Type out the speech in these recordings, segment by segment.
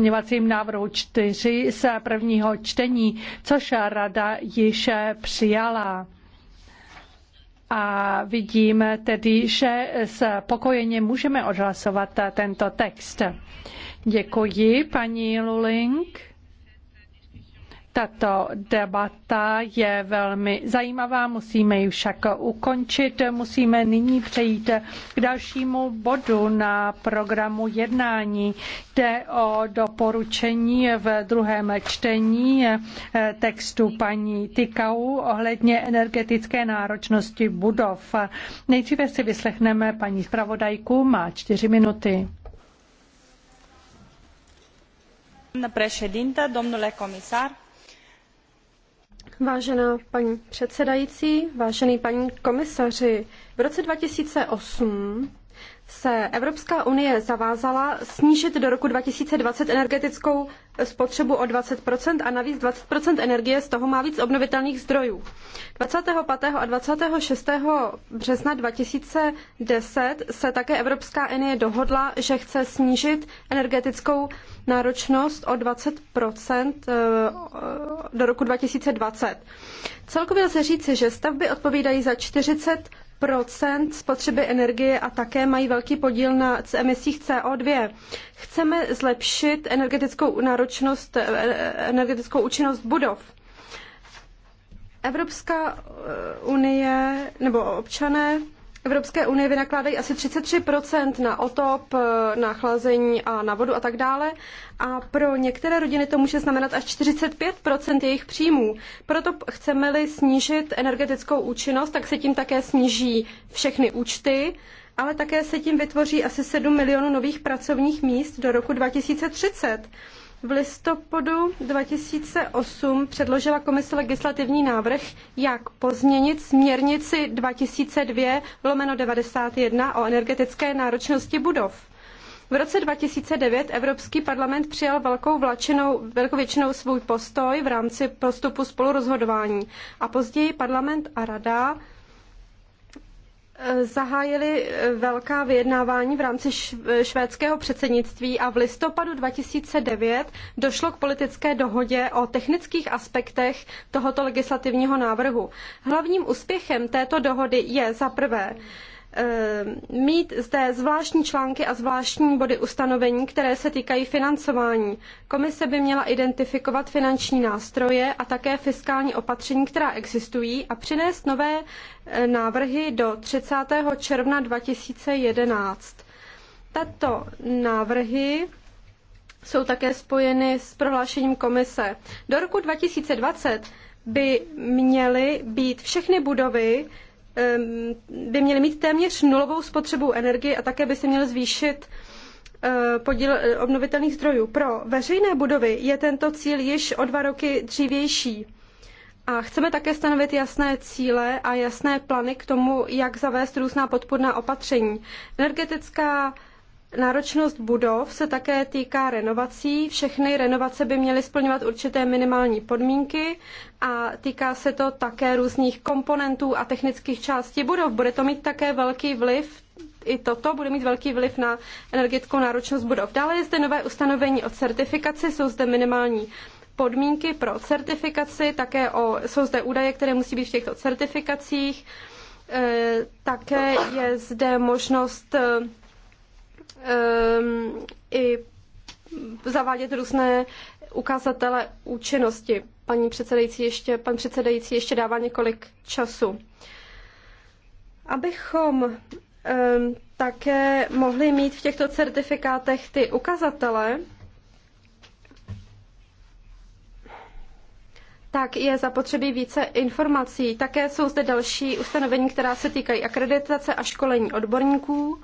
pozměňovacím návrhu 4 z prvního čtení, což rada již přijala. A vidíme tedy, že pokojeně můžeme odhlasovat tento text. Děkuji, paní Luling. Tato debata je velmi zajímavá, musíme ji však ukončit. Musíme nyní přejít k dalšímu bodu na programu jednání. Jde o doporučení v druhém čtení textu paní Tykau ohledně energetické náročnosti budov. Nejdříve si vyslechneme paní zpravodajku, má čtyři minuty. Domnule președinte, domnule comisar, Vážená paní předsedající, vážený paní komisaři, v roce 2008 se Evropská unie zavázala snížit do roku 2020 energetickou spotřebu o 20 a navíc 20 energie z toho má víc obnovitelných zdrojů. 25. a 26. března 2010 se také Evropská unie dohodla, že chce snížit energetickou náročnost o 20 eh, do roku 2020. Celkově lze říci, že stavby odpovídají za 40 procent spotřeby energie a také mají velký podíl na emisích CO2. Chceme zlepšit energetickou náročnost, e, e, energetickou účinnost budov. Evropská e, unie nebo občané Evropské unie vynakládají asi 33% na otop, eh, na chlazení a na vodu a tak dále. A pro některé rodiny to může znamenat až 45% jejich příjmů. Proto chceme-li snížit energetickou účinnost, tak se tím také sníží všechny účty, ale také se tím vytvoří asi 7 milionů nových pracovních míst do roku 2030. V listopadu 2008 předložila komise legislativní návrh, jak pozměnit směrnici 2002 lomeno 91 o energetické náročnosti budov. V roce 2009 Evropský parlament přijal velkou, vlačenou, velkou většinou svůj postoj v rámci postupu spolurozhodování a později parlament a rada zahájili eh, velká vyjednávání v rámci švédského předsednictví a v listopadu 2009 došlo k politické dohodě o technických aspektech tohoto legislativního návrhu. Hlavním úspěchem této dohody je za prvé Eh, mít zde zvláštní články a zvláštní body ustanovení, které se týkají financování. Komise by měla identifikovat finanční nástroje a také fiskální opatření, která existují a přinést nové eh, návrhy do 30. června 2011. Tato návrhy jsou také spojeny s prohlášením komise. Do roku 2020 by měly být všechny budovy by měly mít téměř nulovou spotřebu energie a také by se měl zvýšit eh, podíl eh, obnovitelných zdrojů. Pro veřejné budovy je tento cíl již o dva roky dřívější. A chceme také stanovit jasné cíle a jasné plány k tomu, jak zavést různá podpůrná opatření. Energetická Náročnost budov se také týká renovací. Všechny renovace by měly splňovat určité minimální podmínky a týká se to také různých komponentů a technických částí budov. Bude to mít také velký vliv i toto bude mít velký vliv na energetickou náročnost budov. Dále je zde nové ustanovení o certifikaci, jsou zde minimální podmínky pro certifikaci, také o, jsou zde údaje, které musí být v těchto certifikacích. E, také je zde možnost e, um, i zavádět různé ukazatele účinnosti. Paní předsedající ještě, pan předsedající ještě dává několik času. Abychom um, také mohli mít v těchto certifikátech ty ukazatele, tak je zapotřebí více informací. Také jsou zde další ustanovení, která se týkají akreditace a školení odborníků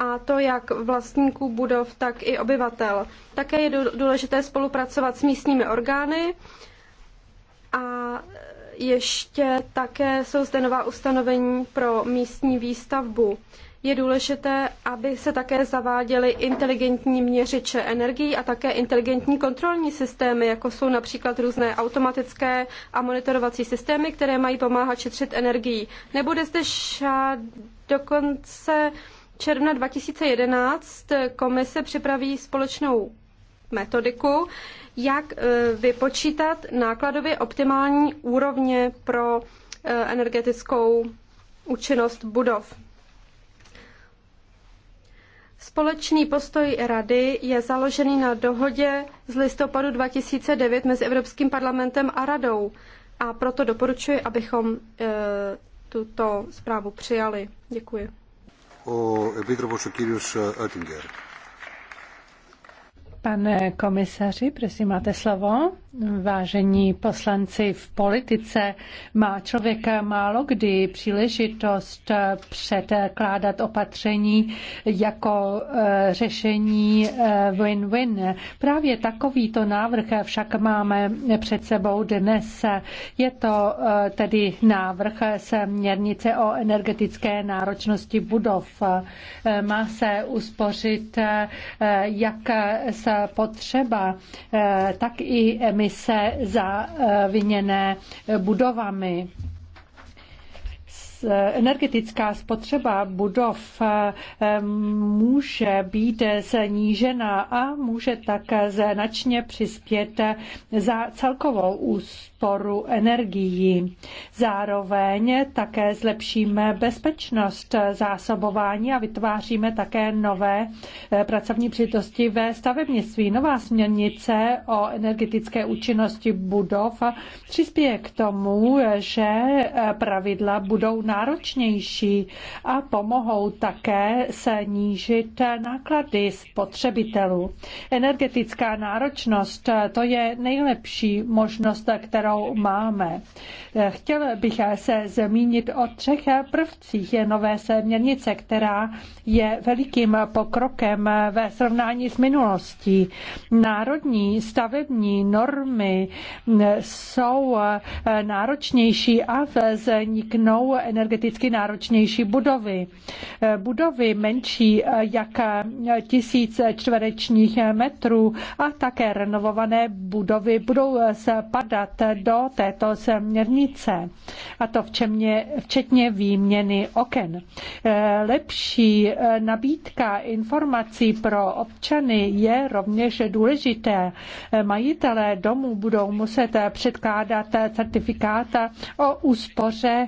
a to jak vlastníků budov, tak i obyvatel. Také je důležité spolupracovat s místními orgány a ještě také jsou zde nová ustanovení pro místní výstavbu. Je důležité, aby se také zaváděly inteligentní měřiče energií a také inteligentní kontrolní systémy, jako jsou například různé automatické a monitorovací systémy, které mají pomáhat šetřit energii. Nebude zde šád dokonce uh, června 2011 komise připraví společnou metodiku, jak eh, vypočítat nákladově optimální úrovně pro eh, energetickou účinnost budov. Společný postoj Rady je založený na dohodě z listopadu 2009 mezi Evropským parlamentem a Radou a proto doporučuji, abychom eh, tuto zprávu přijali. Děkuji o Pane komisaři, prosím, máte slovo. Vážení poslanci, v politice má člověk málo kdy příležitost předkládat opatření jako e, řešení e, win-win. Právě takovýto návrh však máme před sebou dnes. Je to e, tedy návrh směrnice o energetické náročnosti budov. Má se uspořit jak se potřeba, tak i emisí komise zaviněné eh, eh, budovami eh, energetická spotřeba budov může být znížena a může tak značně přispět za celkovou úst úsporu energií. Zároveň také zlepšíme bezpečnost zásobování a vytváříme také nové eh, pracovní přítosti ve stavebnictví. Nová směrnice o energetické účinnosti budov přispěje k tomu, že eh, pravidla budou náročnější a pomohou také se nížit náklady spotřebitelů. Energetická náročnost eh, to je nejlepší možnost, kterou kterou máme. Chtěl bych se zmínit o třech prvcích nové směrnice, která je velikým pokrokem ve srovnání s minulostí. Národní stavební normy jsou náročnější a vzniknou energeticky náročnější budovy. Budovy menší jak tisíc čtverečních metrů a také renovované budovy budou spadat do této směrnice, a to včemně, včetně výměny oken. Eh, lepší eh, nabídka informací pro občany je rovněž důležité. Eh, majitelé domů budou muset předkládat certifikáta o úspoře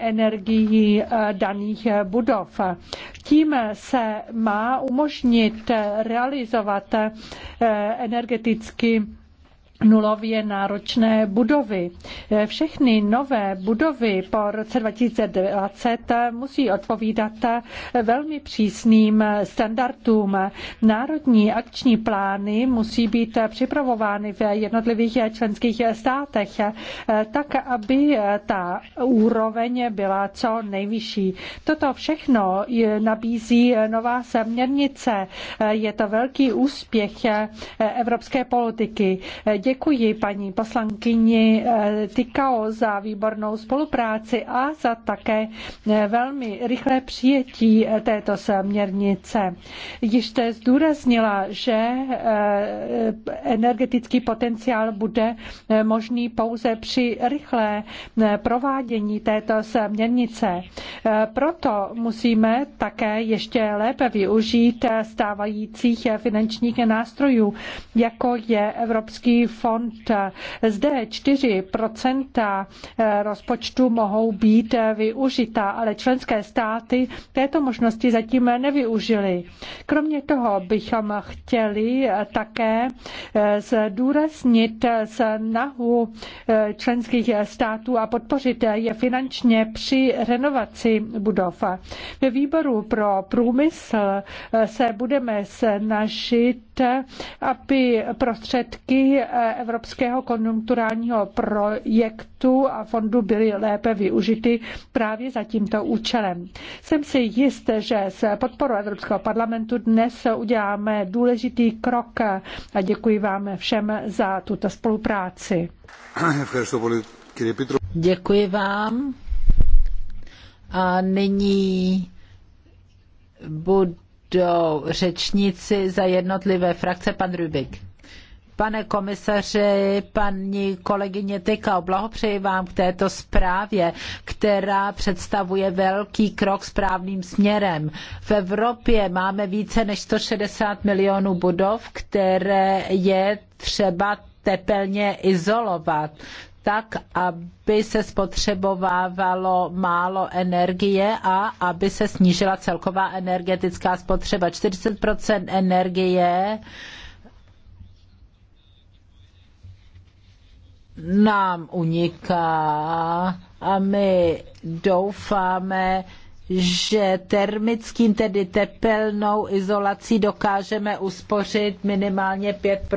energií daných budov. Tím se má umožnit realizovat energeticky nulově náročné budovy. Eh, všechny nové budovy po roce 2020 musí odpovídat eh, velmi přísným eh, standardům. Národní akční plány musí být připravovány v jednotlivých členských státech tak, aby ta úroveň byla co nejvyšší. Toto všechno nabízí nová směrnice. Je to velký úspěch evropské politiky děkuji paní poslankyni eh, Tykao za výbornou spolupráci a za také eh, velmi rychlé přijetí eh, této směrnice. Již jste zdůraznila, že energetický potenciál bude možný pouze při rychlé provádění této směrnice. Proto musíme také ještě lépe využít stávajících finančních nástrojů, jako je Evropský fond. Zde 4 rozpočtu mohou být využita, ale členské státy této možnosti zatím nevyužily. Kromě toho bychom chtěli také zdůraznit snahu členských států a podpořit je finančně při renovaci budov. Ve výboru pro průmysl se budeme snažit, aby prostředky Evropského konjunkturálního projektu a fondu byly lépe využity právě za tímto účelem. Jsem si jist, že s podporou Evropského parlamentu dnes uděláme důležitý krok a děkuji vám všem za tuto spolupráci. Děkuji vám. A nyní budou řečníci za jednotlivé frakce. Pan Rubik. Pane komisaři, paní kolegyně Tykal, blahopřeji vám k této zprávě, která představuje velký krok správným směrem. V Evropě máme více než 160 milionů budov, které je třeba tepelně izolovat tak, aby se spotřebovávalo málo energie a aby se snížila celková energetická spotřeba. 40 energie nám uniká a my doufáme, že termickým, tedy tepelnou izolací dokážeme uspořit minimálně 5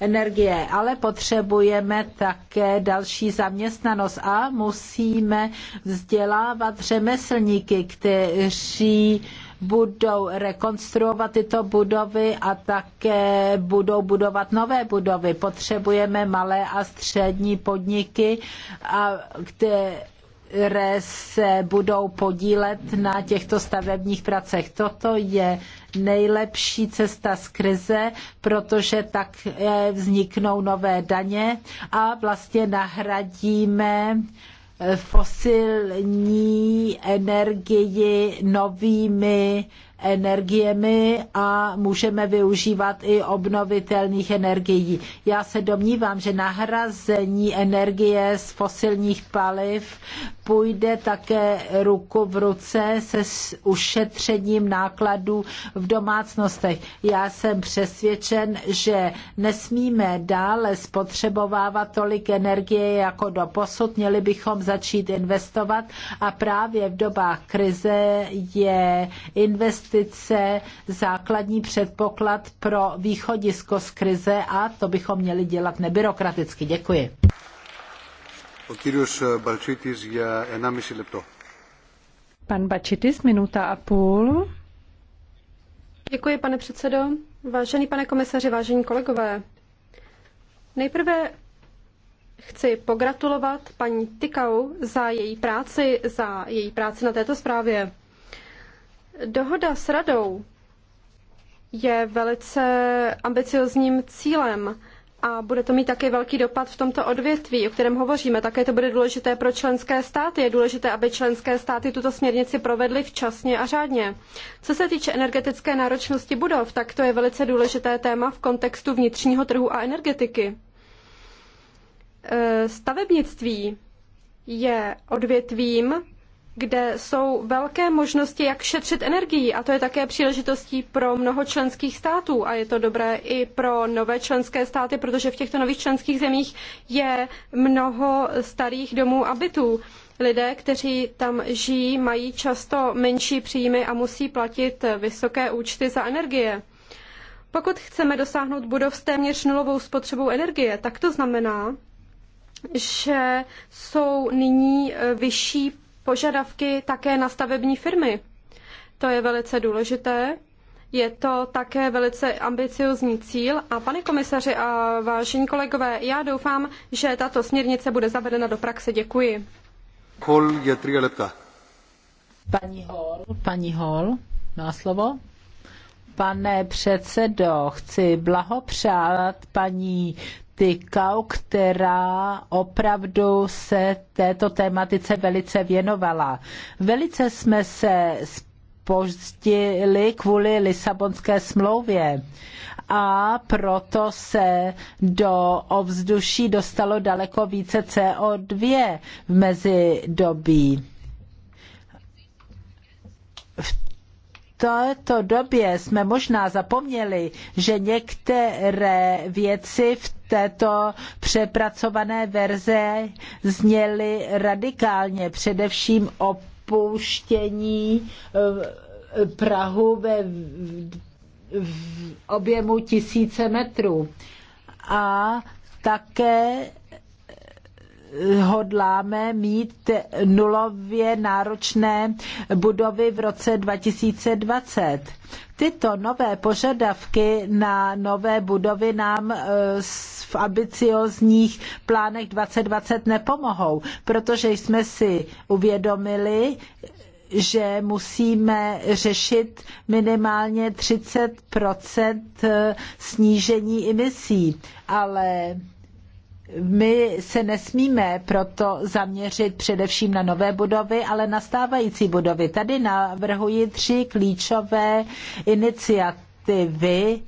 energie, ale potřebujeme také další zaměstnanost a musíme vzdělávat řemeslníky, kteří budou rekonstruovat tyto budovy a také budou budovat nové budovy. Potřebujeme malé a střední podniky, a které se budou podílet na těchto stavebních pracech. Toto je nejlepší cesta z krize, protože tak eh, vzniknou nové daně a vlastně nahradíme fosilní energii novými energiemi a můžeme využívat i obnovitelných energií. Já se domnívám, že nahrazení energie z fosilních paliv půjde také ruku v ruce se ušetřením nákladů v domácnostech. Já jsem přesvědčen, že nesmíme dále spotřebovávat tolik energie jako do posud. měli bychom začít investovat a právě v dobách krize je investovat investice základní předpoklad pro východisko z krize a to bychom měli dělat nebyrokraticky. Děkuji. Eh, Pan Bačitis, minuta a půl. Děkuji, pane předsedo. Vážený pane komisaři, vážení kolegové, nejprve chci pogratulovat paní Tikau za její práci, za její práci na této zprávě. Dohoda s radou je velice ambiciozním cílem a bude to mít také velký dopad v tomto odvětví, o kterém hovoříme. Také to bude důležité pro členské státy. Je důležité, aby členské státy tuto směrnici provedly včasně a řádně. Co se týče energetické náročnosti budov, tak to je velice důležité téma v kontextu vnitřního trhu a energetiky. E, stavebnictví je odvětvím, kde jsou velké možnosti, jak šetřit energii a to je také příležitostí pro mnoho členských států a je to dobré i pro nové členské státy, protože v těchto nových členských zemích je mnoho starých domů a bytů. Lidé, kteří tam žijí, mají často menší příjmy a musí platit vysoké účty za energie. Pokud chceme dosáhnout budov s téměř nulovou spotřebou energie, tak to znamená, že jsou nyní vyšší požadavky také na stavební firmy. To je velice důležité. Je to také velice ambiciozní cíl a pane komisaři a vážení kolegové, já doufám, že tato směrnice bude zavedena do praxe. Děkuji. Kol je tři lepka. Paní Hall, paní Hall, má slovo. Pane předsedo, chci blahopřát paní Tykau, která opravdu se této tématice velice věnovala. Velice jsme se spozdili kvůli Lisabonské smlouvě a proto se do ovzduší dostalo daleko více CO2 v mezidobí. V této době jsme možná zapomněli, že některé věci v této přepracované verze zněly radikálně, především opuštění eh, Prahu ve v objemu tisíce metrů. A také hodláme mít nulově náročné budovy v roce 2020. Tyto nové požadavky na nové budovy nám eh, v ambiciozních plánech 2020 nepomohou, protože jsme si uvědomili, že musíme řešit minimálně 30 eh, snížení emisí, ale my se nesmíme proto zaměřit především na nové budovy, ale na stávající budovy. Tady navrhuji tři klíčové iniciativy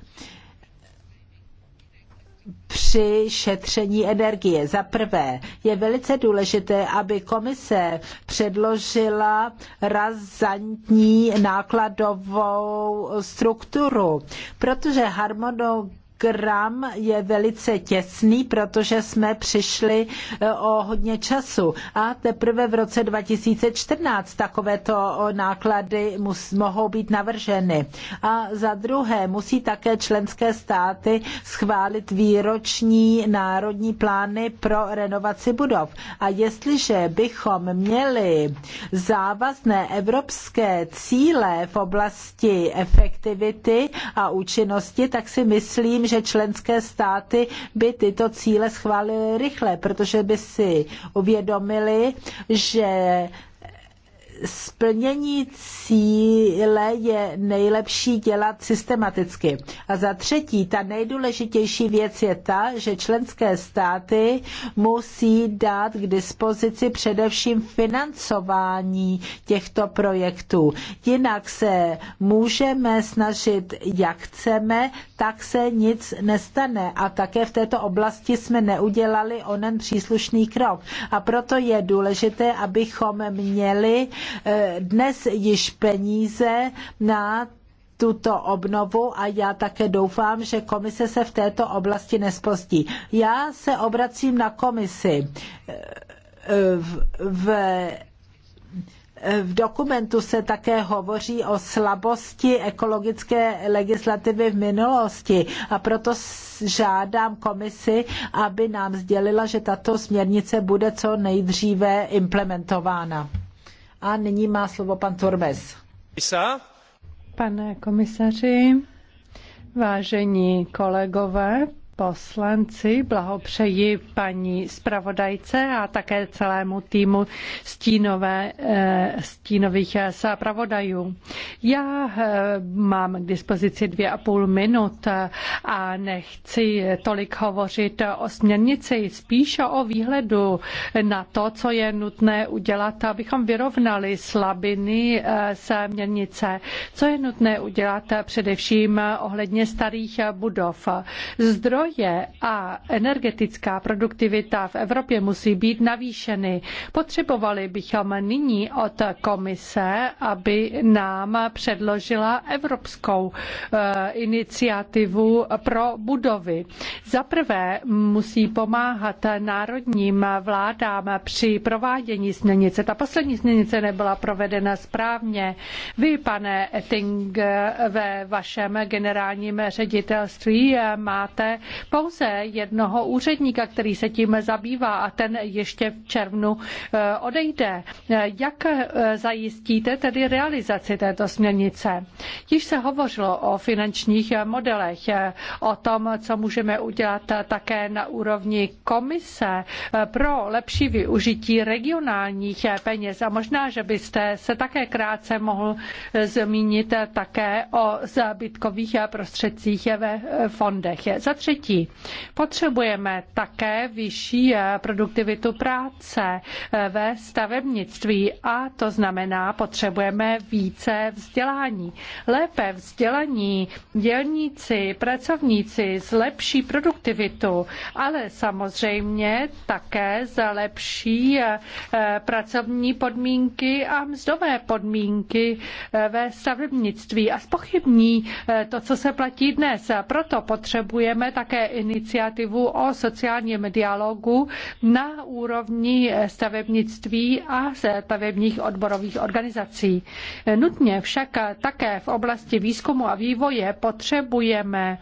při šetření energie. Za prvé, je velice důležité, aby komise předložila razantní nákladovou strukturu, protože harmonogram program je velice těsný, protože jsme přišli e, o hodně času a teprve v roce 2014 takovéto náklady mus, mohou být navrženy. A za druhé musí také členské státy schválit výroční národní plány pro renovaci budov. A jestliže bychom měli závazné evropské cíle v oblasti efektivity a účinnosti, tak si myslím, že členské státy by tyto cíle schválily rychle, protože by si uvědomili, že splnění cíle je nejlepší dělat systematicky. A za třetí, ta nejdůležitější věc je ta, že členské státy musí dát k dispozici především financování těchto projektů. Jinak se můžeme snažit, jak chceme, tak se nic nestane. A také v této oblasti jsme neudělali onen příslušný krok. A proto je důležité, abychom měli Eh, dnes již peníze na tuto obnovu a já také doufám, že komise se v této oblasti nespostí. Já se obracím na komisi. Eh, v, v, v dokumentu se také hovoří o slabosti ekologické legislativy v minulosti a proto žádám komisi, aby nám sdělila, že tato směrnice bude co nejdříve implementována. A nyní má slovo pan Tormes. Pane komisaři, vážení kolegové, poslanci, blahopřeji paní zpravodajce a také celému týmu stínové, eh, stínových eh, zpravodajů. Já eh, mám k dispozici dvě a půl minut a nechci tolik hovořit o směrnici, spíše o výhledu na to, co je nutné udělat, abychom vyrovnali slabiny směrnice, co je nutné udělat především ohledně starých budov. Zdroj zdroje a energetická produktivita v Evropě musí být navýšeny. Potřebovali bychom nyní od komise, aby nám předložila evropskou eh, iniciativu pro budovy. Za prvé musí pomáhat národním vládám při provádění směrnice. Ta poslední směrnice nebyla provedena správně. Vy, pane Etting, ve vašem generálním ředitelství eh, máte pouze jednoho úředníka, který se tím zabývá a ten ještě v červnu eh, odejde. Eh, jak eh, zajistíte tedy realizaci této směrnice? Již se hovořilo o finančních modelech, o tom, co můžeme udělat také na úrovni komise pro lepší využití regionálních peněz. A možná, že byste se také krátce mohl zmínit také o zbytkových prostředcích ve fondech. Za třetí, dětí. Potřebujeme také vyšší eh, produktivitu práce eh, ve stavebnictví a to znamená, potřebujeme více vzdělání. Lépe vzdělaní dělníci, pracovníci s lepší produktivitu, ale samozřejmě také za lepší eh, pracovní podmínky a mzdové podmínky ve stavebnictví a spochybní to, co se platí dnes. Proto potřebujeme také také iniciativu o sociálním dialogu na úrovni stavebnictví a stavebních odborových organizací. Nutně však také v oblasti výzkumu a vývoje potřebujeme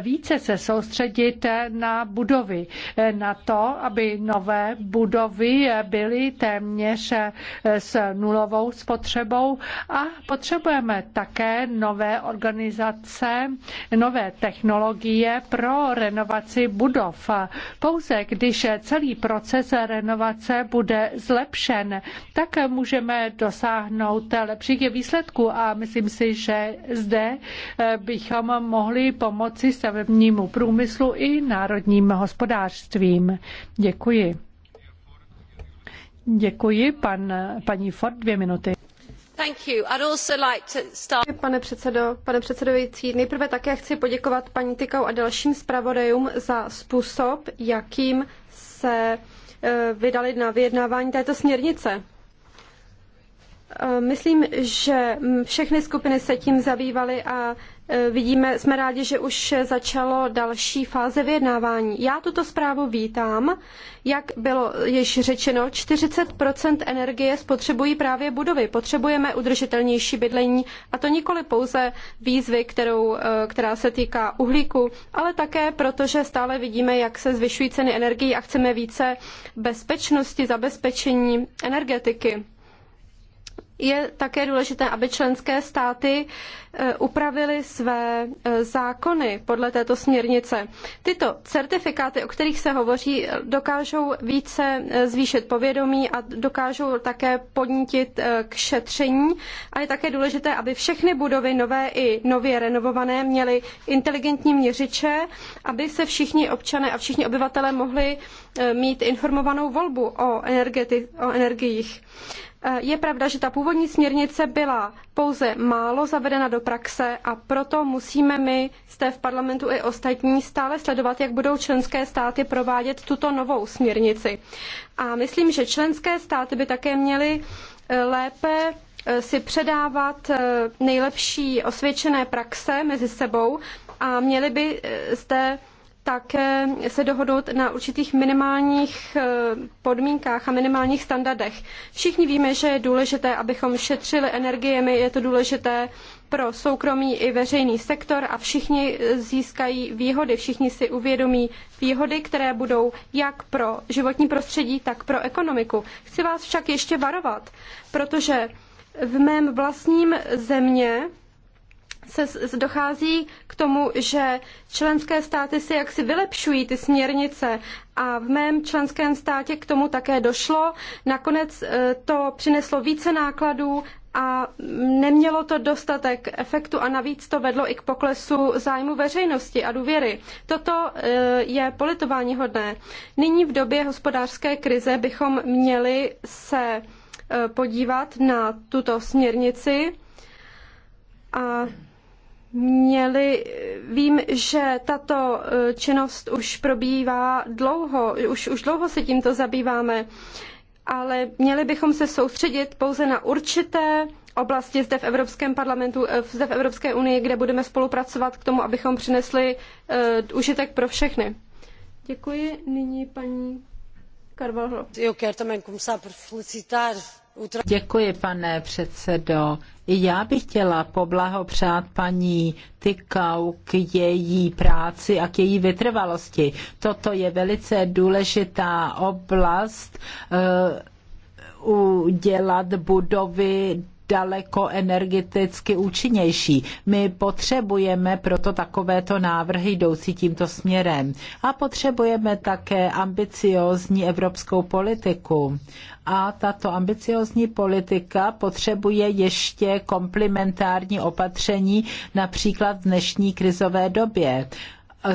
více se soustředit na budovy, na to, aby nové budovy byly téměř s nulovou spotřebou a potřebujeme také nové organizace, nové technologie pro renovaci budov. Pouze když celý proces renovace bude zlepšen, tak můžeme dosáhnout lepších výsledků a myslím si, že zde bychom mohli pomoci stavebnímu průmyslu i národním hospodářstvím. Děkuji. Děkuji, pan, paní Ford, dvě minuty. Pane předsedo, pane předsedající, nejprve také chci poděkovat paní Tykau a dalším zpravodajům za způsob, jakým se eh, vydali na vyjednávání této směrnice. Eh, myslím, že mm, všechny skupiny se tím zabývaly a Eh, vidíme, jsme rádi, že už začalo další fáze vyjednávání. Já tuto zprávu vítám. Jak bylo již řečeno, 40 energie spotřebují právě budovy. Potřebujeme udržitelnější bydlení a to nikoli pouze výzvy, kterou, eh, která se týká uhlíku, ale také proto, že stále vidíme, jak se zvyšují ceny energií a chceme více bezpečnosti, zabezpečení energetiky je také důležité, aby členské státy e, upravily své e, zákony podle této směrnice. Tyto certifikáty, o kterých se hovoří, dokážou více e, zvýšit povědomí a dokážou také podnítit k šetření. A je také důležité, aby všechny budovy nové i nově renovované měly inteligentní měřiče, aby se všichni občané a všichni obyvatelé mohli mít informovanou volbu o, energeti- o energiích. Eh, je pravda, že ta původní směrnice byla pouze málo zavedena do praxe a proto musíme my zde v parlamentu i ostatní stále sledovat, jak budou členské státy provádět tuto novou směrnici. A myslím, že členské státy by také měly eh, lépe eh, si předávat nejlepší osvědčené praxe mezi sebou a měly by zde také se dohodnout na určitých minimálních eh, podmínkách a minimálních standardech. Všichni víme, že je důležité, abychom šetřili energiemi, je to důležité pro soukromý i veřejný sektor a všichni eh, získají výhody, všichni si uvědomí výhody, které budou jak pro životní prostředí, tak pro ekonomiku. Chci vás však ještě varovat, protože v mém vlastním země se dochází k tomu, že členské státy si jaksi vylepšují ty směrnice a v mém členském státě k tomu také došlo. Nakonec e, to přineslo více nákladů a nemělo to dostatek efektu a navíc to vedlo i k poklesu zájmu veřejnosti a důvěry. Toto e, je politování hodné. Nyní v době hospodářské krize bychom měli se e, podívat na tuto směrnici a měli, vím, že tato e, činnost už probíhá dlouho, už, už dlouho se tímto zabýváme, ale měli bychom se soustředit pouze na určité oblasti zde v Evropském parlamentu, e, zde v Evropské unii, kde budeme spolupracovat k tomu, abychom přinesli uh, užitek pro všechny. Děkuji. Nyní paní Carvalho. Eu quero também começar por felicitar Děkuji, pane předsedo. Já bych chtěla poblahopřát paní Tykau k její práci a k její vytrvalosti. Toto je velice důležitá oblast eh, udělat budovy daleko energeticky účinnější. My potřebujeme proto takovéto návrhy jdoucí tímto směrem. A potřebujeme také ambiciózní evropskou politiku. A tato ambiciózní politika potřebuje ještě komplementární opatření, například v dnešní krizové době.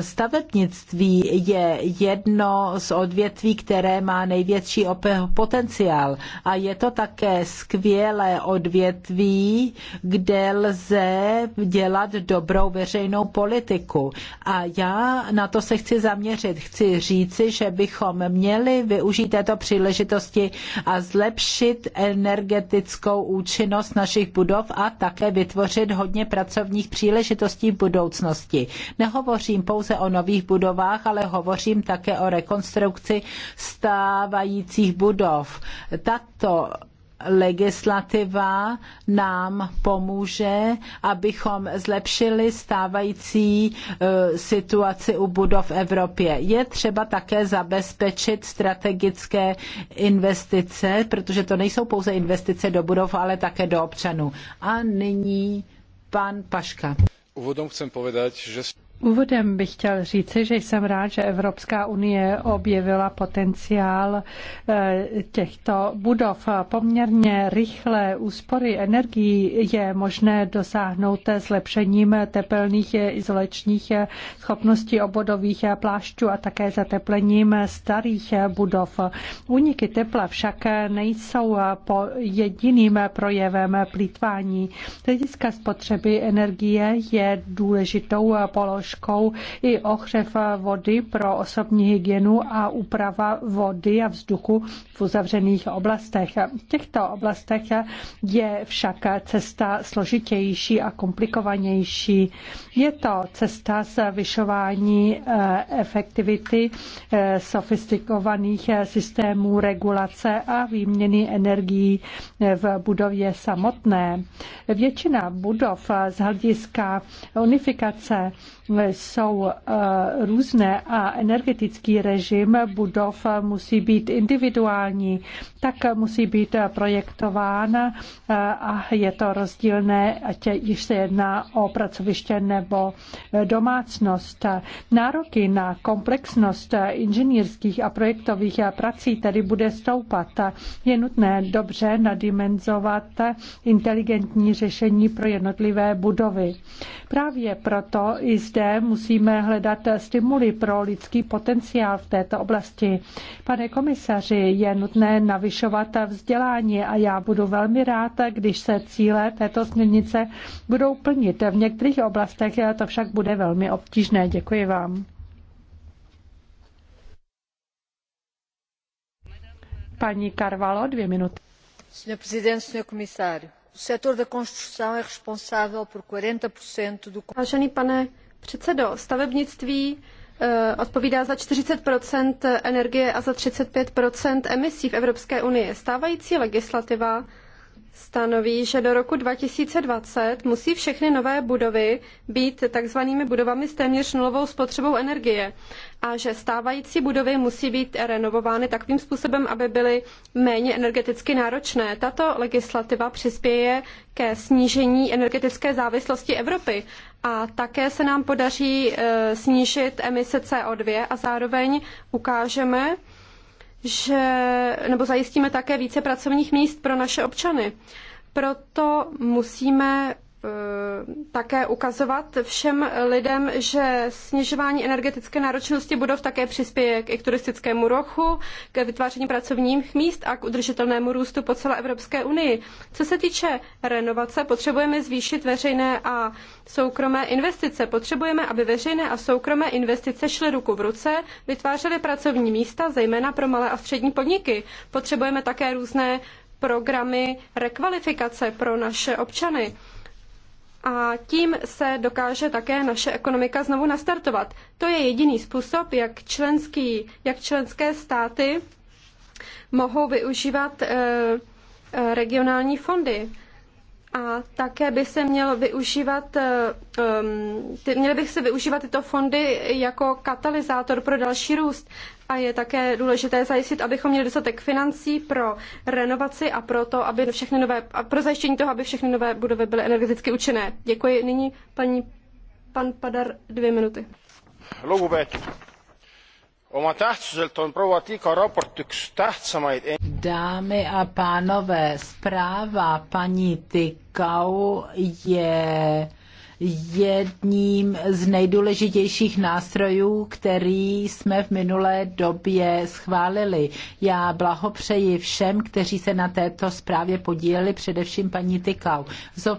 Stavebnictví je jedno z odvětví, které má největší potenciál a je to také skvělé odvětví, kde lze dělat dobrou veřejnou politiku. A já na to se chci zaměřit. Chci říci, že bychom měli využít této příležitosti a zlepšit energetickou účinnost našich budov a také vytvořit hodně pracovních příležitostí v budoucnosti. Nehovořím pouze pouze o nových budovách, ale hovořím také o rekonstrukci stávajících budov. Tato legislativa nám pomůže, abychom zlepšili stávající e, situaci u budov v Evropě. Je třeba také zabezpečit strategické investice, protože to nejsou pouze investice do budov, ale také do občanů. A nyní pan Paška. Úvodom chcem povedať, že... Úvodem bych chtěl říci, že jsem rád, že Evropská unie objevila potenciál eh, těchto budov. Poměrně rychlé úspory energií je možné dosáhnout zlepšením tepelných izolačních schopností obodových plášťů a také zateplením starých budov. Úniky tepla však nejsou po jediným projevem plítvání. Z hlediska spotřeby energie je důležitou položkou složkou i ohřev vody pro osobní hygienu a úprava vody a vzduchu v uzavřených oblastech. V těchto oblastech je však cesta složitější a komplikovanější. Je to cesta zvyšování eh, efektivity eh, sofistikovaných eh, systémů regulace a výměny energií v budově samotné. Většina budov z hlediska unifikace jsou eh, různé a energetický režim budov musí být individuální, tak musí být projektován eh, a je to rozdílné, ať již se jedná o pracoviště nebo eh, domácnost. Nároky na komplexnost inženýrských a projektových prací tedy bude stoupat. Je nutné dobře nadimenzovat inteligentní řešení pro jednotlivé budovy. Právě proto i zde zde musíme hledat stimuly pro lidský potenciál v této oblasti. Pane komisaři, je nutné navyšovat vzdělání a já budu velmi rád, když se cíle této směrnice budou plnit. V některých oblastech to však bude velmi obtížné. Děkuji vám. Paní Carvalho, dvě minuty. Senhor Presidente, Senhor Comissário, o setor da construção é responsável por 40% do... Vážený pane předsedo, stavebnictví eh, odpovídá za 40 energie a za 35 emisí v Evropské unii. Stávající legislativa stanoví, že do roku 2020 musí všechny nové budovy být takzvanými budovami s téměř nulovou spotřebou energie a že stávající budovy musí být renovovány takovým způsobem, aby byly méně energeticky náročné. Tato legislativa přispěje ke snížení energetické závislosti Evropy a také se nám podaří eh, snížit emise CO2 a zároveň ukážeme, že, nebo zajistíme také více pracovních míst pro naše občany. Proto musíme Eh, také ukazovat všem lidem, že snižování energetické náročnosti budov také přispěje k, turistickému rochu, k vytváření pracovních míst a k udržitelnému růstu po celé Evropské unii. Co se týče renovace, potřebujeme zvýšit veřejné a soukromé investice. Potřebujeme, aby veřejné a soukromé investice šly ruku v ruce, vytvářely pracovní místa, zejména pro malé a střední podniky. Potřebujeme také různé programy rekvalifikace pro naše občany a tím se dokáže také naše ekonomika znovu nastartovat. To je jediný způsob, jak, členský, jak členské státy mohou využívat eh, eh, regionální fondy. A také by se měl využívat, eh, ehm, ty, měly bych se využívat tyto fondy jako katalyzátor pro další růst. A je také důležité zajistit, abychom měli dostatek financí pro renovaci a pro, to, aby všechny nové, a pro zajištění toho, aby všechny nové budovy byly energeticky účinné. Děkuji. Nyní paní, pan Padar dvě minuty. Lugupeetud Oma tähtsuselt on proua Tiika raport üks tähtsamaid Dámy a pánové, zpráva paní Tykau je jedním z nejdůležitějších nástrojů, který jsme v minulé době schválili. Já blahopřeji všem, kteří se na této zprávě podíleli, především paní Tykau. Zop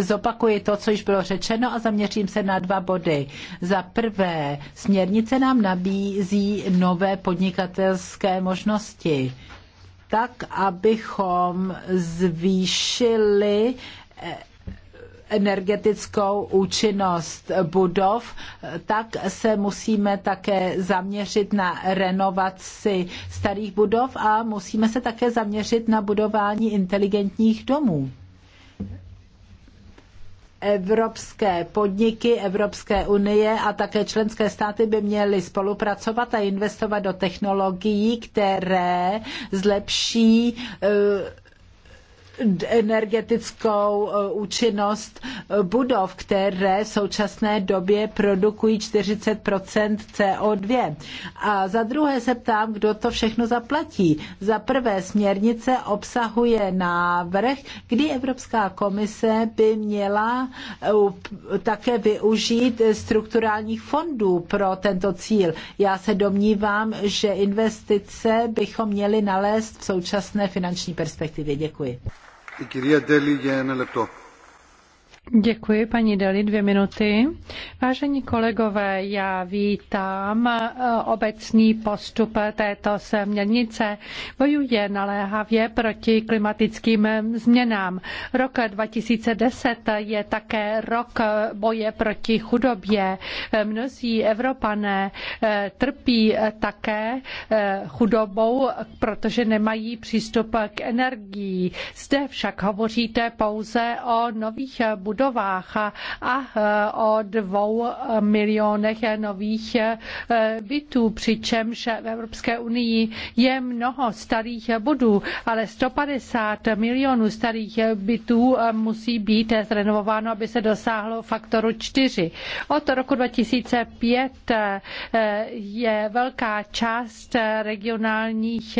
zopakuji to, co již bylo řečeno a zaměřím se na dva body. Za prvé, směrnice nám nabízí nové podnikatelské možnosti tak, abychom zvýšili eh, energetickou účinnost budov, tak se musíme také zaměřit na renovaci starých budov a musíme se také zaměřit na budování inteligentních domů evropské podniky Evropské unie a také členské státy by měly spolupracovat a investovat do technologií, které zlepší eh, energetickou eh, účinnost eh, budov, které v současné době produkují 40 CO2. A za druhé se ptám, kdo to všechno zaplatí. Za prvé směrnice obsahuje návrh, kdy Evropská komise by měla eh, také využít strukturálních fondů pro tento cíl. Já se domnívám, že investice bychom měli nalézt v současné finanční perspektivě. Děkuji. Η κυρία Ντέλη για ένα λεπτό. Děkuji, paní Deli, dvě minuty. Vážení kolegové, já vítám eh, obecný postup této směrnice. Bojuje naléhavě proti klimatickým změnám. Rok 2010 je také rok boje proti chudobě. Mnozí Evropané eh, trpí také eh, chudobou, protože nemají přístup k energii. Zde však hovoříte pouze o nových budovách budovách a o dvou milionech nových e, bytů, přičemž v Evropské unii je mnoho starých budů, ale 150 milionů starých bytů e, musí být zrenovováno, aby se dosáhlo faktoru 4. Od roku 2005 e, je velká část regionálních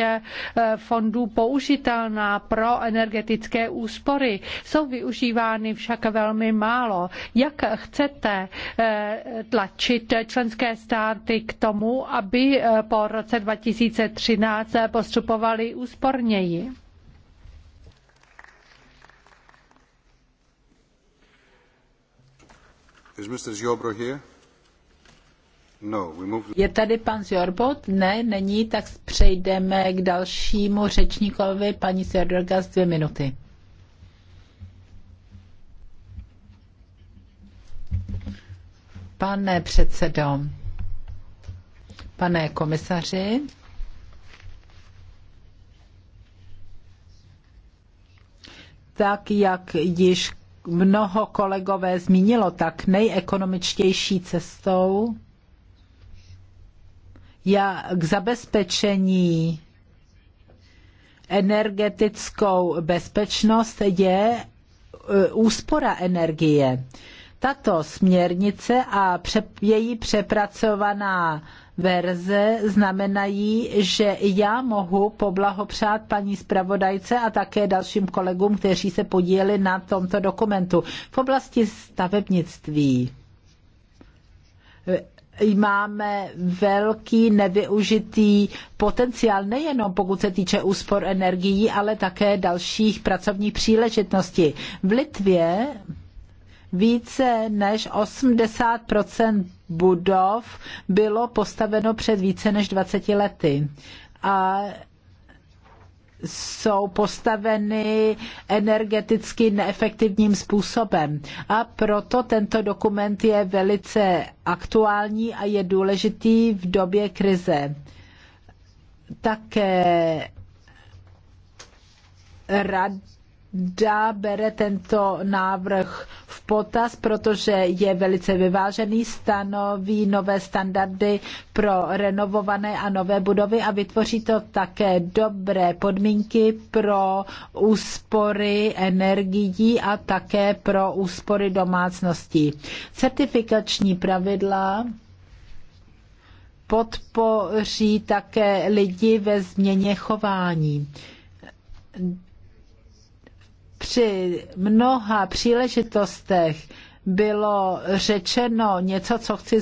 fondů použitelná pro energetické úspory. Jsou využívány však ve velmi málo. Jak chcete eh, tlačit členské státy k tomu, aby eh, po roce 2013 postupovali úsporněji? No, Je tady pan Zjorbot? Ne, není, tak přejdeme k dalšímu řečníkovi, paní Sjordorga, z dvě minuty. Pane předsedo, pane komisaři, tak jak již mnoho kolegové zmínilo, tak nejekonomičtější cestou k zabezpečení energetickou bezpečnost je e, úspora energie. Tato směrnice a její přepracovaná verze znamenají, že já mohu poblahopřát paní zpravodajce a také dalším kolegům, kteří se podíleli na tomto dokumentu. V oblasti stavebnictví máme velký nevyužitý potenciál, nejenom pokud se týče úspor energií, ale také dalších pracovních příležitostí. V Litvě více než 80 budov bylo postaveno před více než 20 lety. A jsou postaveny energeticky neefektivním způsobem. A proto tento dokument je velice aktuální a je důležitý v době krize. Také rad, rada bere tento návrh v potaz, protože je velice vyvážený, stanoví nové standardy pro renovované a nové budovy a vytvoří to také dobré podmínky pro úspory energií a také pro úspory domácností. Certifikační pravidla podpoří také lidi ve změně chování při mnoha příležitostech bylo řečeno něco, co chci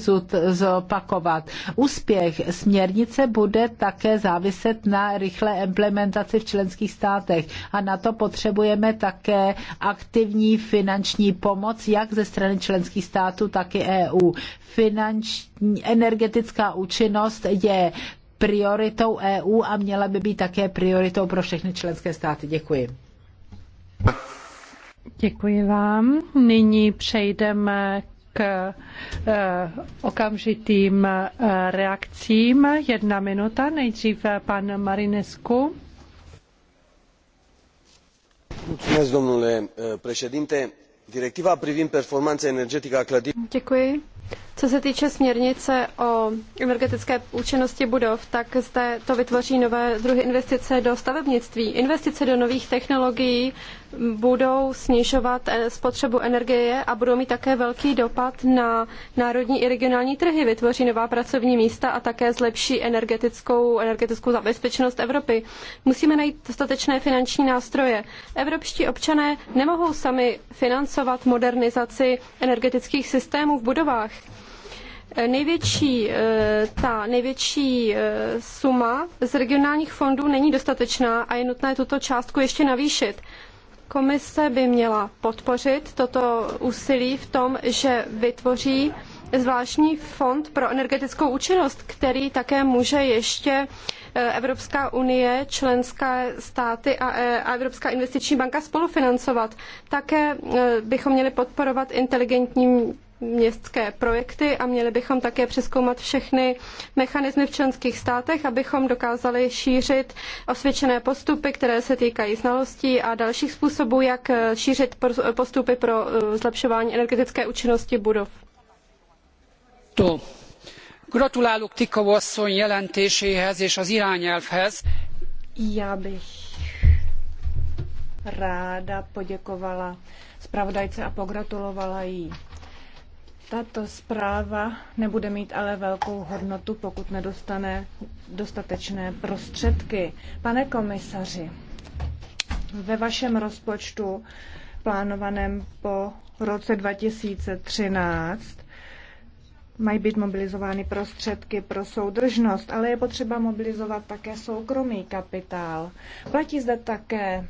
zopakovat. Úspěch směrnice bude také záviset na rychlé implementaci v členských státech a na to potřebujeme také aktivní finanční pomoc, jak ze strany členských států, tak i EU. Finanční, energetická účinnost je prioritou EU a měla by být také prioritou pro všechny členské státy. Děkuji. Děkuji vám. Nyní přejdeme k eh, okamžitým eh, reakcím. Jedna minuta, nejdříve eh, pan Marinescu. Mulțumesc, domnule președinte. Directiva privind performanța energetică a clădirilor. Děkuji. Co se týče směrnice o energetické účinnosti budov, tak zde to vytvoří nové druhy investice do stavebnictví. Investice do nových technologií budou snižovat eh, spotřebu energie a budou mít také velký dopad na národní i regionální trhy. Vytvoří nová pracovní místa a také zlepší energetickou, energetickou zabezpečnost Evropy. Musíme najít dostatečné finanční nástroje. Evropští občané nemohou sami financovat modernizaci energetických systémů v budovách. Největší, eh, ta největší eh, suma z regionálních fondů není dostatečná a je nutné tuto částku ještě navýšit. Komise by měla podpořit toto úsilí v tom, že vytvoří zvláštní fond pro energetickou účinnost, který také může ještě eh, Evropská unie, členské státy a Evropská investiční banka spolufinancovat. Také bychom měli podporovat inteligentní městské projekty a měli bychom také přeskoumat všechny mechanismy v členských státech, abychom dokázali šířit osvědčené postupy, které se týkají znalostí a dalších způsobů, jak šířit postupy pro eh, zlepšování energetické účinnosti budov. To. Gratulálok Tikau asszony jelentéséhez és az irányelvhez. Já bych ráda poděkovala zpravodajce a pogratulovala jí tato zpráva nebude mít ale velkou hodnotu, pokud nedostane dostatečné prostředky. Pane komisaři, ve vašem rozpočtu plánovaném po roce 2013 mají být mobilizovány prostředky pro soudržnost, ale je potřeba mobilizovat také soukromý kapitál. Platí zde také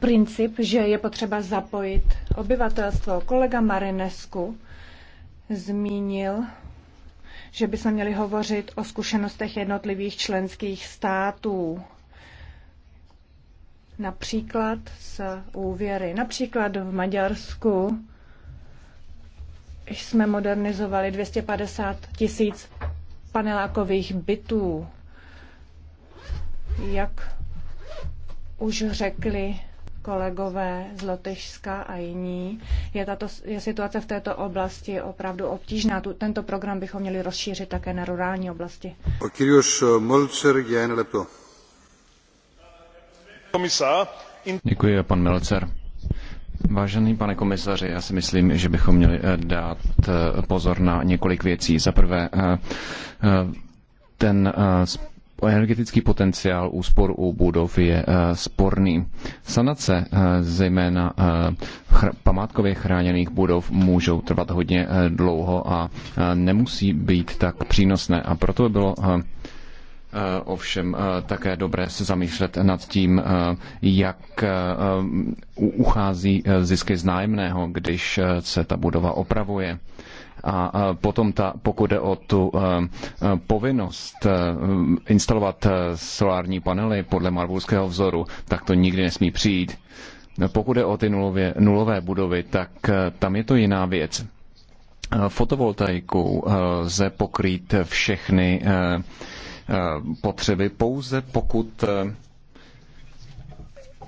princip, že je potřeba zapojit obyvatelstvo. Kolega Marinesku zmínil, že by se měli hovořit o zkušenostech jednotlivých členských států. Například s úvěry. Například v Maďarsku jsme modernizovali 250 tisíc panelákových bytů. Jak už řekli kolegové z Lotyšska a jiní, je, tato, je situace v této oblasti opravdu obtížná. Tu, tento program bychom měli rozšířit také na rurální oblasti. Eh, Děkuji, pan Milcer. Vážený pane komisaři, já si myslím, že bychom měli eh, dát eh, pozor na několik věcí. Za prvé, ten energetický potenciál úspor u budov je eh, sporný. Sanace eh, zejména eh, památkově chráněných budov můžou trvat hodně dlouho a nemusí být tak přínosné. A proto by bylo ovšem také dobré se zamýšlet nad tím, jak uchází zisky z nájemného, když se ta budova opravuje. A potom ta, pokud jde o tu eh, eh, povinnost eh, instalovat solární panely podle marvulského vzoru, tak to nikdy nesmí přijít. No, pokud jde o ty nulově, nulové budovy, tak tam je to jiná věc. Fotovoltaikou lze pokrýt všechny potřeby pouze pokud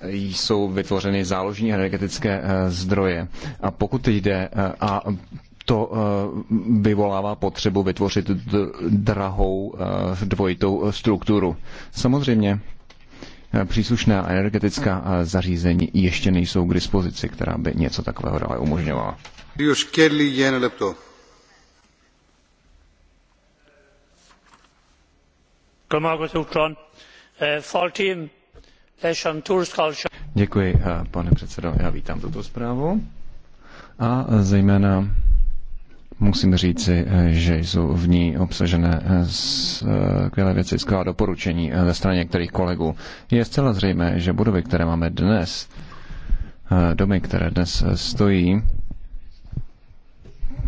jsou vytvořeny záložní energetické zdroje. A pokud jde a to eh, vyvolává potřebu vytvořit drahou eh, dvojitou eh, strukturu. Samozřejmě příslušná energetická zařízení ještě nejsou k dispozici, která by něco takového dále umožňovala. Děkuji, pane předsedo. Já vítám tuto zprávu a zejména musím říci, eh, že jsou v ní obsažené eh, eh, skvělé věci, skvělá doporučení ze strany některých kolegů. Je zcela zřejmé, že budovy, které máme dnes, domy, které dnes stojí,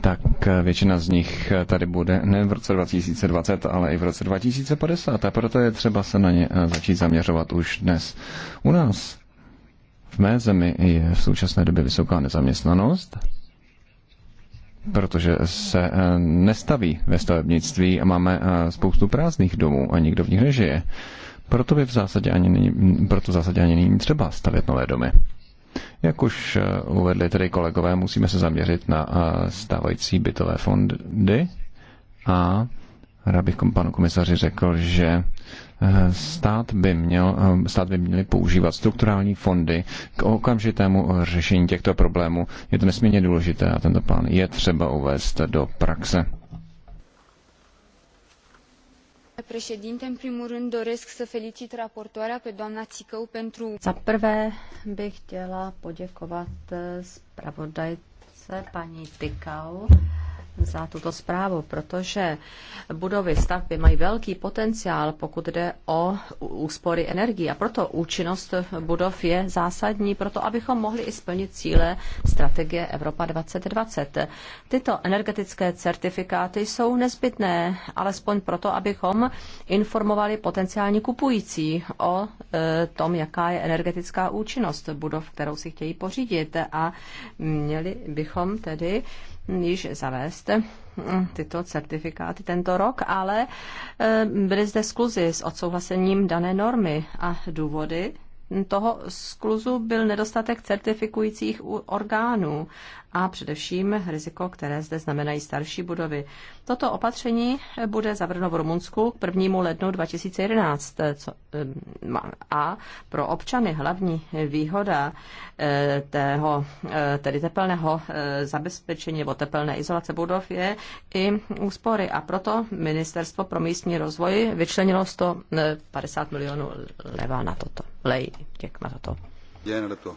tak většina z nich tady bude ne v roce 2020, ale i v roce 2050. A proto je třeba se na ně začít zaměřovat už dnes. U nás v mé zemi je v současné době vysoká nezaměstnanost protože se eh, nestaví ve stavebnictví a máme eh, spoustu prázdných domů a nikdo v nich nežije. Proto, by v zásadě ani není, proto v zásadě ani není třeba stavět nové domy. Jak už eh, uvedli tedy kolegové, musíme se zaměřit na stávající bytové fondy a rád bych panu komisaři řekl, že Stát by, měl, eh, stát by měli používat strukturální fondy k okamžitému eh, řešení těchto problémů. Je to nesmírně důležité a tento plán je třeba uvést do praxe. în primul rând doresc să felicit raportoarea pe doamna Țicău pentru... Za prvé bych chtěla poděkovat eh, zpravodajce paní Tykau za tuto zprávu, protože budovy stavby mají velký potenciál, pokud jde o úspory energie. A proto účinnost budov je zásadní, proto abychom mohli i splnit cíle strategie Evropa 2020. Tyto energetické certifikáty jsou nezbytné, alespoň proto, abychom informovali potenciální kupující o e, tom, jaká je energetická účinnost budov, kterou si chtějí pořídit. A měli bychom tedy již zavést mm, tyto certifikáty tento rok, ale eh, byly zde skluzy s odsouhlasením dané normy a důvody toho skluzu byl nedostatek certifikujících orgánů a především riziko, které zde znamenají starší budovy. Toto opatření bude zavrno v Rumunsku k 1. lednu 2011 co, a pro občany hlavní výhoda eh, tého, eh, tedy tepelného eh, zabezpečení nebo tepelné izolace budov je i úspory a proto Ministerstvo pro místní rozvoj vyčlenilo 150 milionů leva na toto. Lej, děk za to Děkujeme na to.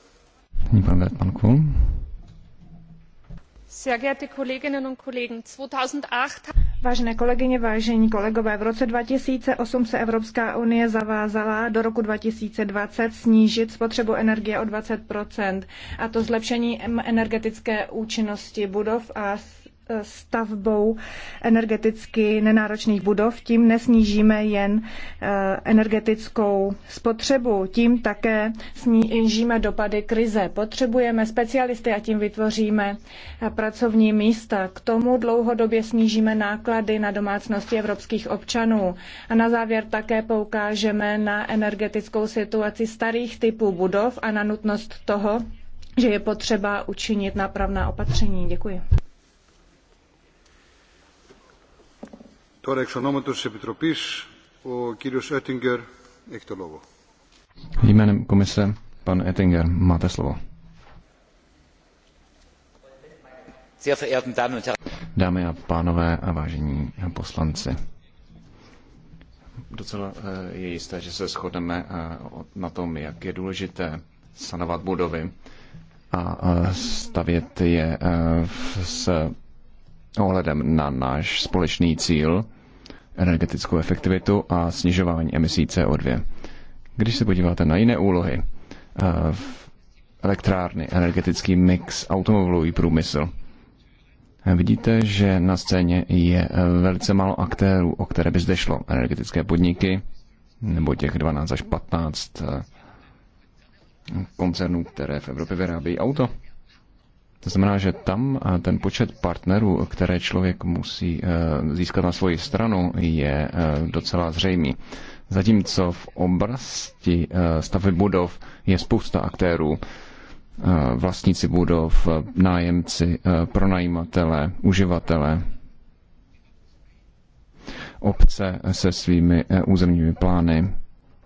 Nyní pan Wertmann Vážené kolegyně, vážení kolegové, v roce 2008 se Evropská unie zavázala do roku 2020 snížit spotřebu energie o 20 a to zlepšení energetické účinnosti budov a stavbou energeticky nenáročných budov, tím nesnížíme jen eh, energetickou spotřebu, tím také snížíme dopady krize. Potřebujeme specialisty a tím vytvoříme eh, pracovní místa. K tomu dlouhodobě snížíme náklady na domácnosti evropských občanů. A na závěr také poukážeme na energetickou situaci starých typů budov a na nutnost toho, že je potřeba učinit nápravná opatření. Děkuji. Jménem komise, pan Oettinger, máte slovo. Dámy a pánové a vážení poslanci, docela eh, je jisté, že se shodneme eh, na tom, jak je důležité sanovat budovy a eh, stavět je s ohledem na náš společný cíl, energetickou efektivitu a snižování emisí CO2. Když se podíváte na jiné úlohy, eh, v elektrárny, energetický mix, automobilový průmysl, vidíte, že na scéně je eh, velice málo aktérů, o které by zde šlo. Energetické podniky, nebo těch 12 až 15 eh, koncernů, které v Evropě vyrábějí auto. To znamená, že tam ten počet partnerů, které člověk musí e, získat na svoji stranu, je e, docela zřejmý. Zatímco v oblasti e, stavby budov je spousta aktérů, vlastníci budov, nájemci, pronajímatele, uživatele, obce se svými územními plány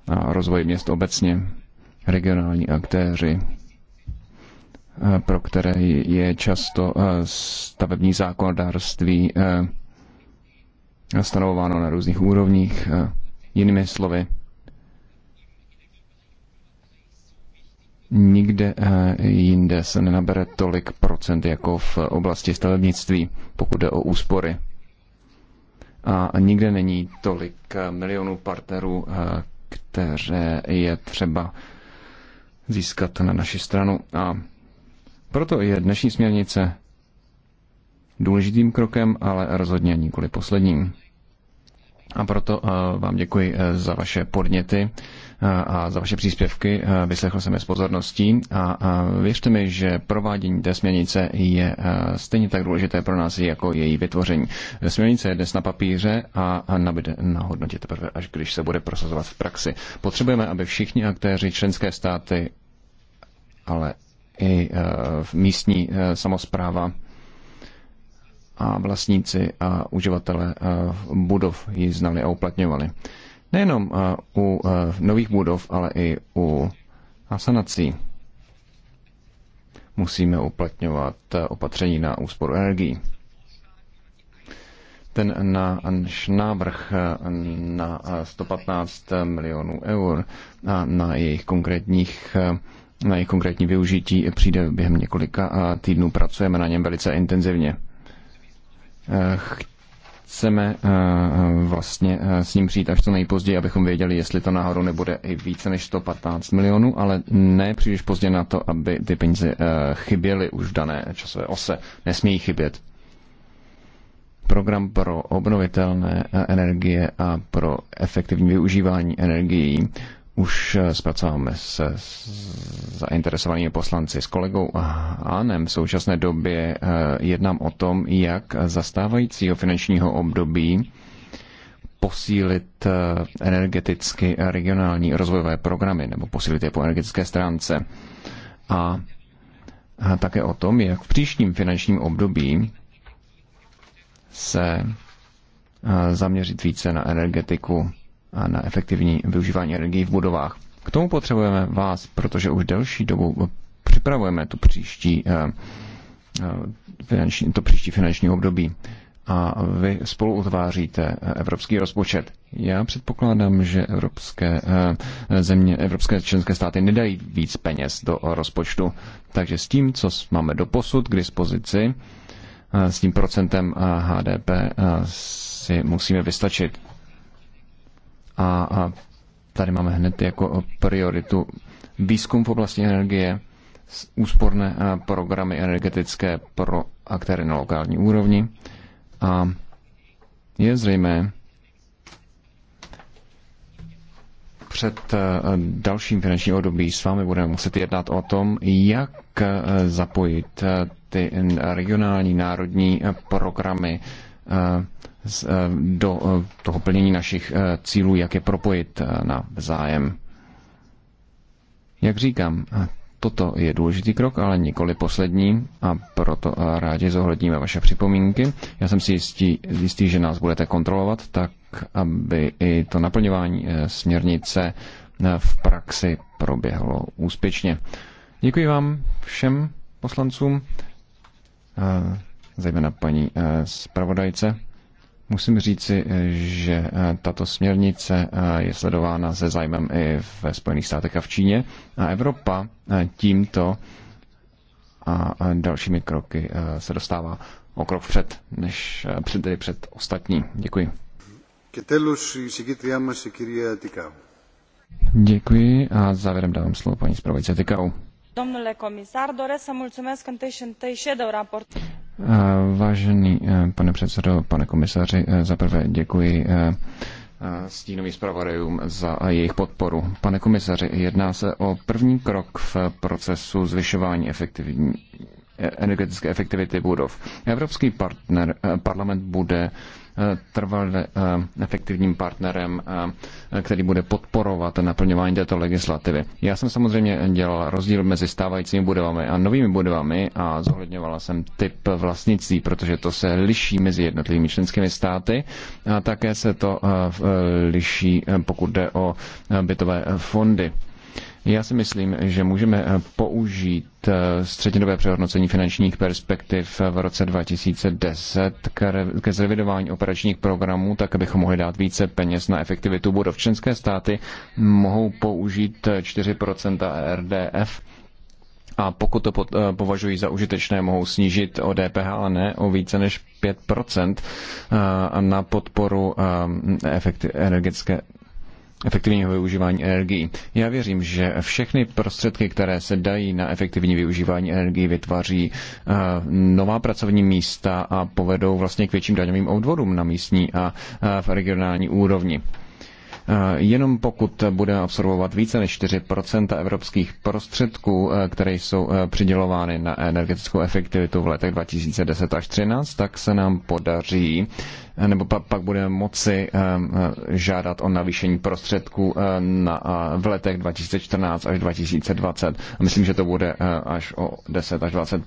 a rozvoj měst obecně, regionální aktéři, Eh, pro které je často eh, stavební zákonodárství eh, stanovováno na různých úrovních. Jinými slovy, nikde jinde se nenabere tolik procent jako v oblasti stavebnictví, pokud jde o úspory. A nikde není tolik milionů partnerů, které je třeba získat na naši stranu. A proto je dnešní směrnice důležitým krokem, ale rozhodně nikoli posledním. A proto eh, vám děkuji eh, za vaše podněty eh, a za vaše příspěvky. Vyslechl jsem je s pozorností a věřte mi, že provádění té směrnice je stejně tak důležité pro nás jako její vytvoření. Směrnice je dnes na papíře a nabide na hodnotě teprve, až když se bude prosazovat v praxi. Potřebujeme, aby všichni aktéři, členské státy, ale i eh, místní eh, samozpráva a vlastníci a uživatelé eh, budov ji znali a uplatňovali. Nejenom u nových budov, ale i u asanací musíme uplatňovat opatření na úsporu energií. Ten náš návrh na 115 milionů eur a na jejich konkrétních na jejich konkrétní využití přijde během několika týdnů. Pracujeme na něm velice intenzivně. Eh, chceme eh, vlastně eh, s ním přijít až co nejpozději, abychom věděli, jestli to náhodou nebude i více než 115 milionů, ale ne příliš pozdě na to, aby ty peníze chyběly už v dané časové ose. Nesmí chybět program pro obnovitelné energie a pro efektivní využívání energií už eh, zpracováme se zainteresovanými poslanci. S kolegou Anem v současné době eh, jednám o tom, jak zastávajícího finančního období posílit eh, energeticky regionální rozvojové programy nebo posílit je po energetické stránce. A také o tom, jak v příštím finančním období se zaměřit více na energetiku a na efektivní využívání energie v budovách. K tomu potřebujeme vás, protože už delší dobu připravujeme tu příští, eh, eh, finanční, to příští finanční období a vy spolu utváříte eh, evropský rozpočet. Já předpokládám, že evropské země, evropské členské státy nedají víc peněz do rozpočtu. Takže s tím, co máme do posud k dispozici, s tím procentem HDP si musíme vystačit. A, a tady máme hned jako prioritu výzkum v oblasti energie, úsporné eh, programy energetické pro aktéry na lokální úrovni. A je zřejmé, před eh, dalším finančním období s vámi budeme muset jednat o tom, jak eh, zapojit ty regionální, národní programy Eh, do eh, toho plnění našich eh, cílů, jak je propojit na zájem. Jak říkám, toto je důležitý krok, ale nikoli poslední a proto rádi zohledníme vaše připomínky. Já jsem si jistý, jistý že nás budete kontrolovat, tak aby i to naplňování směrnice v praxi proběhlo úspěšně. Děkuji vám všem poslancům, zejména paní zpravodajce. Musím říci, eh, že eh, tato směrnice eh, je sledována se zájmem i ve Spojených státech a v Číně a Evropa tímto a dalšími kroky se dostává o krok před, než před, tedy před ostatní. Děkuji. Děkuji a závěrem dávám slovo paní zpravodajce Tikau. Domnule komisar, doresc să mulțumesc întâi și întâi shadow raport. Eh, vážený eh, pane předsedo, pane komisaři, eh, zaprvé děkuji stínovým zpravodajům za jejich podporu. Pane komisaři, jedná se o první krok v procesu zvyšování efektivní energetické efektivity budov. Evropský partner, parlament bude trval eh, efektivním partnerem, eh, který bude podporovat naplňování této legislativy. Já jsem samozřejmě dělal rozdíl mezi stávajícími budovami a novými budovami a zohledňovala jsem typ vlastnictví, protože to se liší mezi jednotlivými členskými státy a také se to eh, liší, pokud jde o bytové fondy. Já si myslím, že můžeme eh, použít eh, střednědobé přehodnocení finančních perspektiv v roce 2010 ke zrevidování operačních programů, tak abychom mohli dát více peněz na efektivitu budov. Členské státy mohou použít 4% eh, RDF a pokud to považují za užitečné, mohou snížit o DPH, ale ne o více než 5% na podporu energetické efektivního využívání energií. Já věřím, že všechny prostředky, které se dají na efektivní využívání energií, vytváří eh, nová pracovní místa a povedou vlastně k větším daňovým odvodům na místní a eh, v regionální úrovni. Eh, jenom pokud bude absorbovat více než 4 evropských prostředků, které jsou přidělovány na energetickou efektivitu v letech 2010 až 2013, tak se nám podaří nebo pa, pak budeme moci ehm, eh, žádat o navýšení prostředků eh, na, v letech 2014 až 2020. Myslím, že to bude eh, až o 10 až 20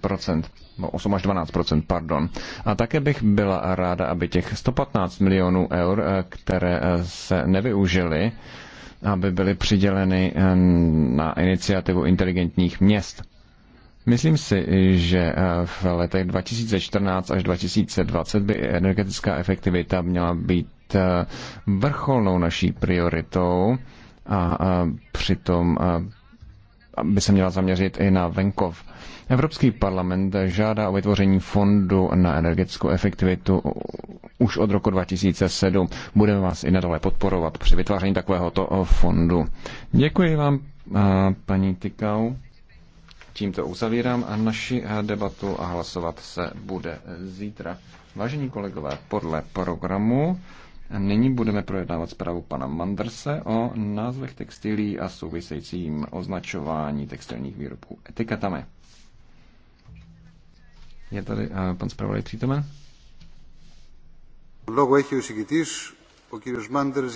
no 8 až 12 pardon. A také bych byla ráda, aby těch 115 milionů eur, které se nevyužily, aby byly přiděleny na iniciativu inteligentních měst Myslím si, že eh, v letech 2014 až 2020 by energetická efektivita měla být eh, vrcholnou naší prioritou a eh, přitom by se měla zaměřit i na venkov. Evropský parlament žádá o vytvoření fondu na energetickou efektivitu už od roku 2007. Budeme vás i nadále podporovat při vytváření takovéhoto fondu. Děkuji vám, paní Tikau. Tímto uzavírám a naši eh, debatu a hlasovat se bude eh, zítra. Vážení kolegové, podle programu eh, nyní budeme projednávat zprávu pana Mandrse o názvech textilí a souvisejícím označování textilních výrobků etiketami. Je tady pan zpravodaj přítomen? Logo je ο συγκητής, Manders?